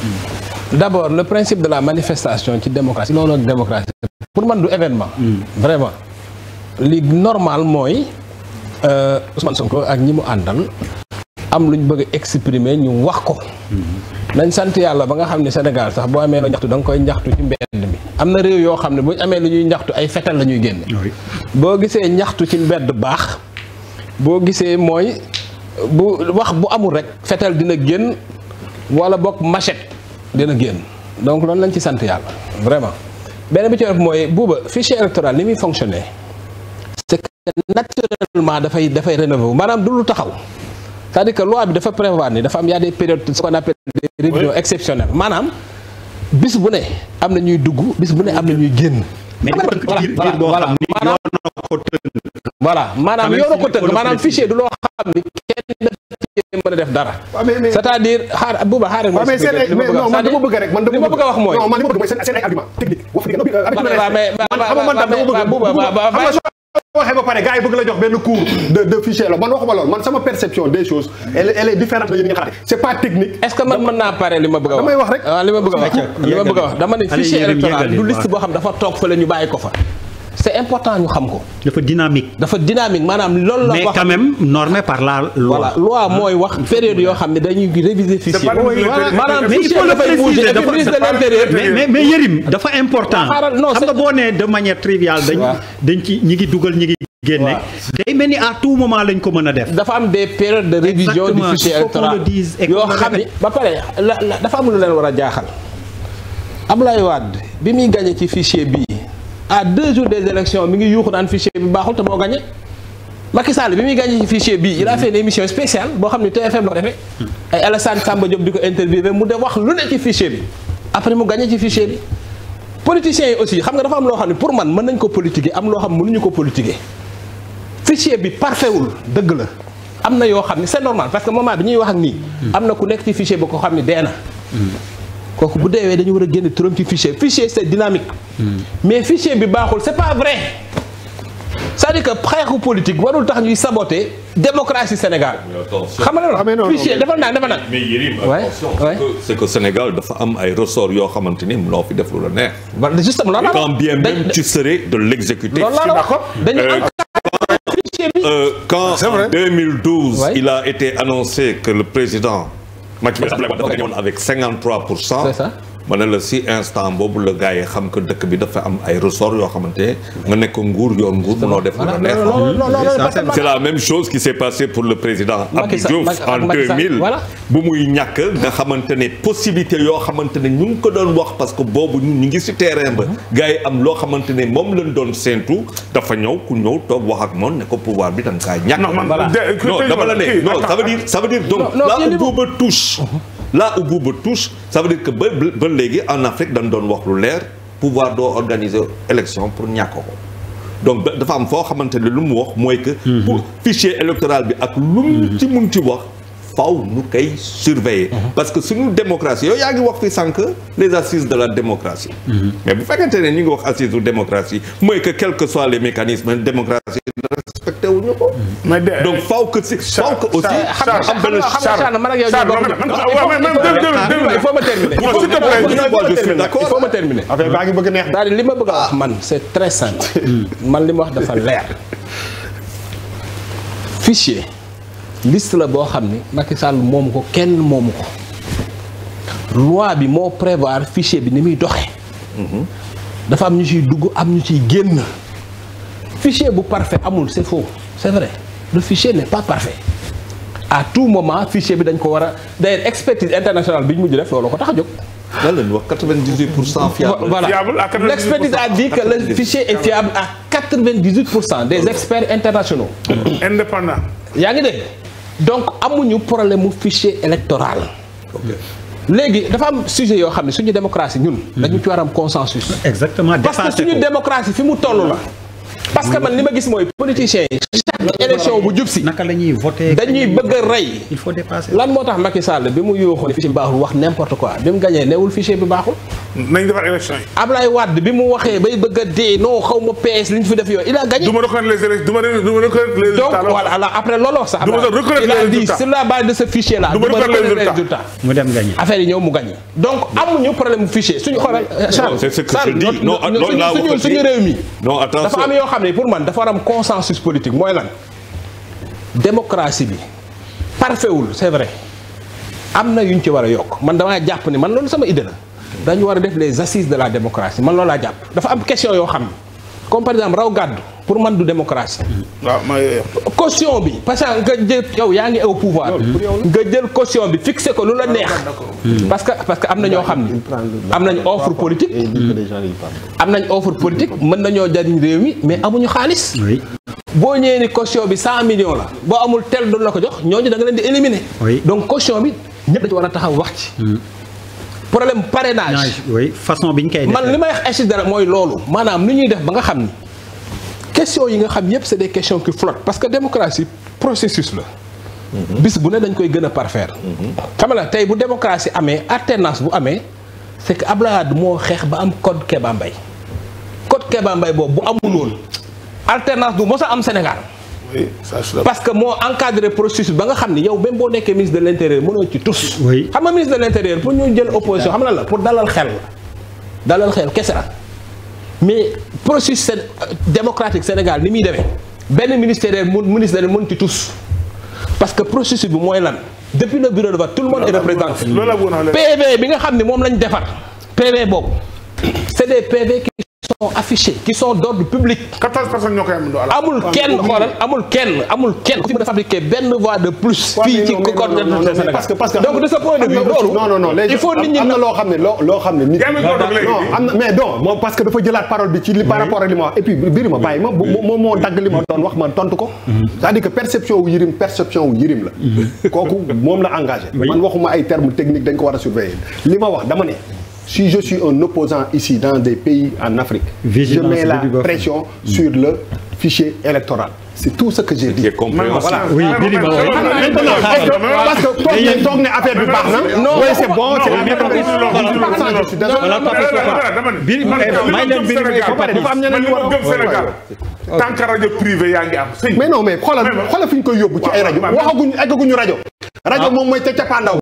Hmm. d'abord le principe de la manifestation ci démocratie loolu ak pour man du événement hmm. vraiment li normal mooy euh, Ousmane Sonko ak ñi mu àndal am lu ñu bëgg a exprimer ñu wax ko hmm. nañ sant yàlla ba nga xam ne Sénégal sax boo amee loo ñaxtu da nga koy ñaxtu ci mbedd mi am na réew yoo xam ne bu amee lu ñuy ñaxtu ay fetal la ñuy génne boo gisee ñaxtu ci mbedd baax boo gisee mooy bu wax bu amul rek fetal dina génn wala bokk machette dina génn donc loolu lañ ci sant yàlla vraiment beneen bi ci mooy buuba fichier électoral ni muy fonctionner c'est que naturellement dafay dafay rénover wu maanaam du lu taxaw c'est-à-dire que loi bi dafa prévoir ni dafa am y a des périodes ce qu'on appelle des révisions exceptionnelles maanaam bis bu ne am na ñuy dugg bis bu ne am na ñuy génn. mais voilà voilà maanaam yoonu ko tënk maanaam fichier du loo xam ni kenn mën a def man dama dama bëgg mooy seen ay argument technique. wax dëgg yàlla ba bëgg la jox benn cours de de fichier la man waxuma loolu man sama perception des choses elle elle est différente de xalaat c'est pas technique. est-ce que man mën naa pare li ma bëgg wax li ma bëgg a wax dama ne fichier électoral du liste boo xam dafa toog fële ñu bàyyi ko fa. c'est important ñu xam ko. dafa dynamique. dafa dynamique maanaam loolu la. mais quand même normé par la loi. voilà mooy wax période yoo xam ne dañuy réviser fichier. maanaam fichier dafay bouger dafa ministre de l'intérieur. mais mais Yérim dafa important. Ah, xam nga boo nee de manière triviale dañ dañ ci ñi ngi dugal ñi ngi. génne day mel ni à tout moment lañ ko mën a def. dafa am des périodes de révision. du fichier électoral yoo xam ne ba pare dafa am lu leen war a jaaxal. am Ablaye Wade bi muy gagné ci fichier bi à deux jours des élections mi ngi yuuxu naan fichier bi baaxul te moo gagné Macky bi muy gagné ci fichier bii il a fait une émission spéciale boo xam ne TFM la ko defee ay Alassane Samba Diop di ko interviewé mu de wax lu ne ci fichier bi après mu gagné ci fichier bi politiciens yi aussi xam nga dafa am loo xam ne pour man mën nañ ko politiquer am loo xam mënuñu ko politiquer fichier bi parfait wul dëgg la am na yoo xam ne c'est normal parce que moment bi ñuy wax ak nii am na ku nekk ci fichier bi xam ne dee na kooku bu deewee dañu war a génn turam ci fichier fichier c'est dynamique. Hmm. mais fichier bi baaxul c'est pas vrai. c'est-à-dire que xeexu politique warul tax ñuy saboter démocratie Sénégal. xam nga loolu ah, fichier dafa naan dafa naan. mais Yérim attention c'est que Sénégal dafa am ay ressorts yoo xamante ni loo fi def la neex. voilà justement loolu la quand bien même tu serais de l'exécutif. dañu euh, fichier bi. Euh, quand en 2012 il a été annoncé que le président. Macky Sall dafa gagné woon avec 53 pour cent. c'est ça ma ne la si instant boobu la gars yi xam que dëkk bi dafa am ay ressort yoo xamante nga nekk nguur yoon nguur mënoo def la neex c'est la même chose qui s'est passé pour le président Abdou Diouf en 2000 bu muy ñàkk nga xamante ne possibilité yoo xamante ne ñu ngi ko doon wax parce que boobu ñu ngi si terrain ba mm-hmm. gars yi am loo xamante ne moom lañ doon séentu dafa ñëw ku ñëw toog wax ak moom ne ko pouvoir bi danga kaa ñàkk non dama la ne non ça veut dire ça là où Bouba touche ça veut dire que ba ba léegi en Afrique dañ doon wax lu leer pouvoir doo organiser élection pour ñàkk ko donc dafa am foo xamante ne lu mu wax mooy que. Mhm. pour fichier électoral bi ak lu mhm. ci mun ci wax. faaw nu koy surveiller. Mhm. parce que suñu démocratie yow yaa ngi wax fi sànq les assises de la démocratie. mais bu fekkente ne ñu ngi wax assise de démocratie mooy que quels que soient les mécanismes démocratie waxuñu ko. mais de donc faaw que si faaw que aussi. xam nga benn charge man ak yow ñu bokk il faut ma terminer. je suis d'accord il faut ma terminer. affaire baa ngi bëgg neex. daal li ma bëgg a wax ah. man c'est très simple. Hmm. man li ma wax dafa leer. fichier liste la boo xam ni Macky Sall moomu ko kenn moomu ko. loi bi moo prévoir fichier bi ni muy doxee. Hmm. dafa am ñu ciy dugg am ñu ciy génn. fichier bu parfait amul c'est faux. c'est vrai le fichier n'est pas parfait à tout moment fichier bi dañ ko war a d'ailleurs expertise internationale bi ñu mujj def loolu ko tax a jóg. lan la ñu wax 98 pour cent fiable. voilà l'expertise a dit que le fichier est fiable à 98 pour cent des experts internationaux. yaa ngi dégg donc amuñu problème mu fichier électoral. léegi dafa am sujet yoo xam ne suñu démocratie ñun. Mhm. dañu ci war a am consensus. exactement parce suñu démocratie fi mu toll la. parce que man li ma gis mooy politiciens élection bu jub si naka la ñuy voté dañuy bëgg a rey il faut dépasser lan moo tax Macky Sall bi mu yooxoo fichier bi baaxul wax n'importe quoi bi mu gañee newul fichier bi baaxul nañ defar élection yi. Ablaye Wade bi mu waxee bay bëgg a dee non xaw ma PS li ñu fi def yooyu il a gagné. du ma reconnaître les élections du ma du ma reconnaître les résultats donc voilà après looloo sax. du ma reconnaître les a la base de ce fichier là. du ma reconnaître les mu dem gagné. affaire yi ñëw mu gagné. donc amuñu problème mu fichier suñu xoolal. Charles c'est ce réew mi. dafa am yoo xam ne pour man dafa war am consensus politique mooy lan démocratie bi parfait wul c'est vrai am na ñu ci war a yokk man damaa jàpp ne man loolu sama idée dañu war a def les assises de la démocratie man laa jàpp dafa am question yoo xam comme par exemple raw gàddu pour man du démocratie. waaw mooy. caution bi parce que nga jël yow yaa ngi au pouvoir. nga jël caution bi fixé ko lu la neex. Hmm. parce que parce que am na ñoo xam ne am nañ offre politique. Hmm. am nañ offre politique mën nañoo jariñ réew mi mais amuñu xaalis. boo ñëwee ni caution bi cent millions la boo amul tel du la ko jox ñoo ñu danga leen di éliminer. donc caution bi ñëpp dañu war a taxaw wax ci. Hmm. problème parrainage. oui façon bi ñu koy man li may wax Dara mooy loolu maanaam ni ñuy def ba nga xam ni question yi nga xam yépp c'est des questions qui flottent parce que démocratie processus la. Mhm. bis bu ne dañ koy gën a parfaire. Mhm. xam la tey bu démocratie amee alternance bu amee c'est que Abdoulaye Wade moo xeex ba am code Kéba Mbaye code Kéba mbay boobu bu amul woon alternance du mos a am Sénégal. oui parce que moo encadré processus ba nga xam ni yow même boo nekkee ministre de l' intérieur mënoo ci tous. oui xam nga ministre de l' intérieur pour ñu jël opposition xam na la pour dalal xel dalal xel kese la mais processus euh, démocratique Sénégal ni muy demee benn ministériel mun ministre mën ci tous parce que processus bi mooy lan depuis le bureau de vote tout le monde est représenté PV bi nga xam ne moom lañ defar PV boobu c'est des PV affichés qui sont d'ordre public. 14 personnes ñoo koy am amul kenn xoolal amul kenn amul kenn ku fi mën a fabriquer benn voix de plus. fii ci code de Sénégal parce que parce que donc de ce point de vue loolu. non non non il faut nit ñi am na loo xam ne loo loo xam ne. nit non am na mais non moom parce que dafa jëlaat parole bi ci li par rapport ak li ma wax et puis Birima bàyyi ma moom moo dagg li ma doon wax man tontu ko. Mhm. c'est-à-dire que perception wu Yérim perception wu Yérim la. Mhm. kooku moom la engagé. man waxuma ay termes techniques dañ ko war a surveiller li ma wax dama ne. Si je suis un opposant ici dans des pays en Afrique, je mets la pression sur le fichier électoral. C'est tout ce que j'ai dit. Voilà. que toog ne affaire bi baax non c'est bon c'est la même rajo privé yaa ngi mais non mais xoolal xoolal fi ñu koy yóbbu ci ay rajo waxaguñu eggaguñu rajo. rajo ah. moom